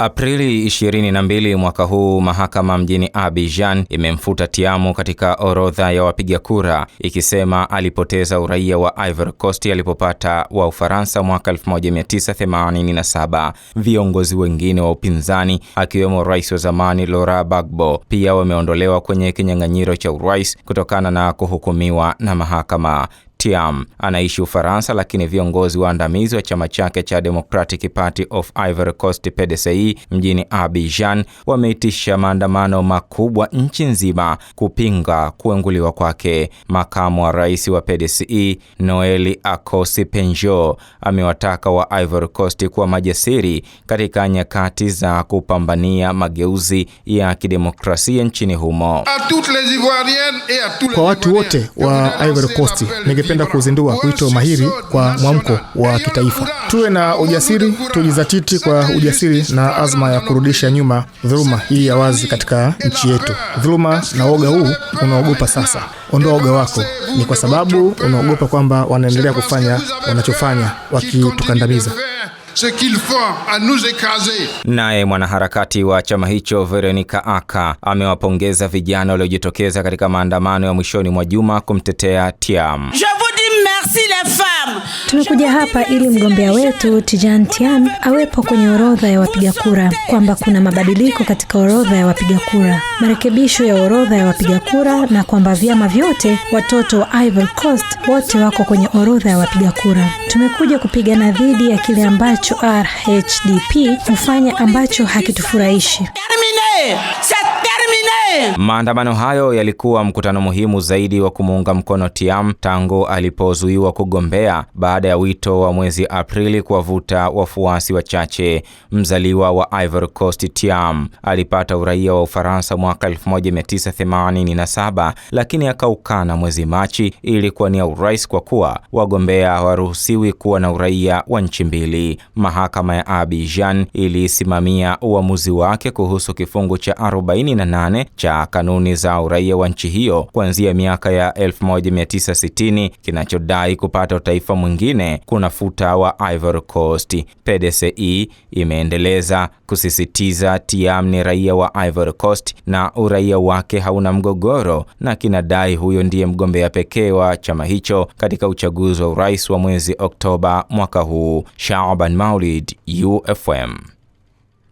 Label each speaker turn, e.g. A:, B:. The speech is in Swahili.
A: Aprili 22 mwaka huu mahakama mjini Abidjan imemfuta tiamo katika orodha ya wapiga kura ikisema alipoteza uraia wa Ivory Coast alipopata wa Ufaransa mwaka 1987. Viongozi wengine wa upinzani akiwemo rais wa zamani Laurent Gbagbo pia wameondolewa kwenye kinyang'anyiro cha urais kutokana na kuhukumiwa na mahakama. Tiam anaishi Ufaransa, lakini viongozi waandamizi wa chama chake cha Democratic Party of Ivory Coast PDCI e, mjini Abidjan wameitisha maandamano makubwa nchi nzima kupinga kuenguliwa kwake. Makamu wa rais wa PDCI e, Noeli Akosi Penjo amewataka wa Ivory Coast kuwa majasiri katika nyakati za kupambania mageuzi ya kidemokrasia nchini humo.
B: Kwa watu wote wa Ivory Coast ningependa kuzindua wito mahiri kwa mwamko wa kitaifa. Tuwe na ujasiri, tujizatiti kwa ujasiri na azma ya kurudisha nyuma dhuluma hii ya wazi katika nchi yetu. Dhuluma na woga huu unaogopa sasa, ondoa woga wako. Ni kwa sababu unaogopa kwamba wanaendelea kufanya wanachofanya wakitukandamiza.
A: Naye mwanaharakati wa chama hicho Veronica Aka amewapongeza vijana waliojitokeza katika maandamano ya mwishoni mwa juma kumtetea Tiam.
C: Tumekuja hapa ili mgombea wetu Tijan Tiam awepo kwenye orodha ya wapiga kura, kwamba kuna mabadiliko katika orodha ya wapiga kura, marekebisho ya orodha ya wapiga kura, na kwamba vyama vyote watoto wa Ivory Coast wote wako kwenye orodha ya wapiga kura. Tumekuja kupigana dhidi ya kile ambacho RHDP hufanya ambacho hakitufurahishi.
A: Maandamano hayo yalikuwa mkutano muhimu zaidi wa kumuunga mkono tiam tangu alipozuiwa kugombea baada ya wito wa mwezi Aprili kuwavuta wafuasi wachache. Mzaliwa wa Ivory Coast, Tiam alipata uraia wa Ufaransa mwaka 1987 lakini akaukana mwezi Machi ili kuwania urais kwa kuwa wagombea hawaruhusiwi kuwa na uraia wa nchi mbili. Mahakama ya Abidjan ilisimamia uamuzi wake kuhusu kifungu cha 48 8 cha kanuni za uraia wa nchi hiyo kuanzia miaka ya 1960 kinachodai kupata utaifa mwingine kunafuta wa Ivory Coast. PDCE imeendeleza kusisitiza Tiam ni raia wa Ivory Coast na uraia wake hauna mgogoro, na kinadai huyo ndiye mgombea pekee wa chama hicho katika uchaguzi wa urais wa mwezi Oktoba mwaka huu. Shaaban Maulid, UFM.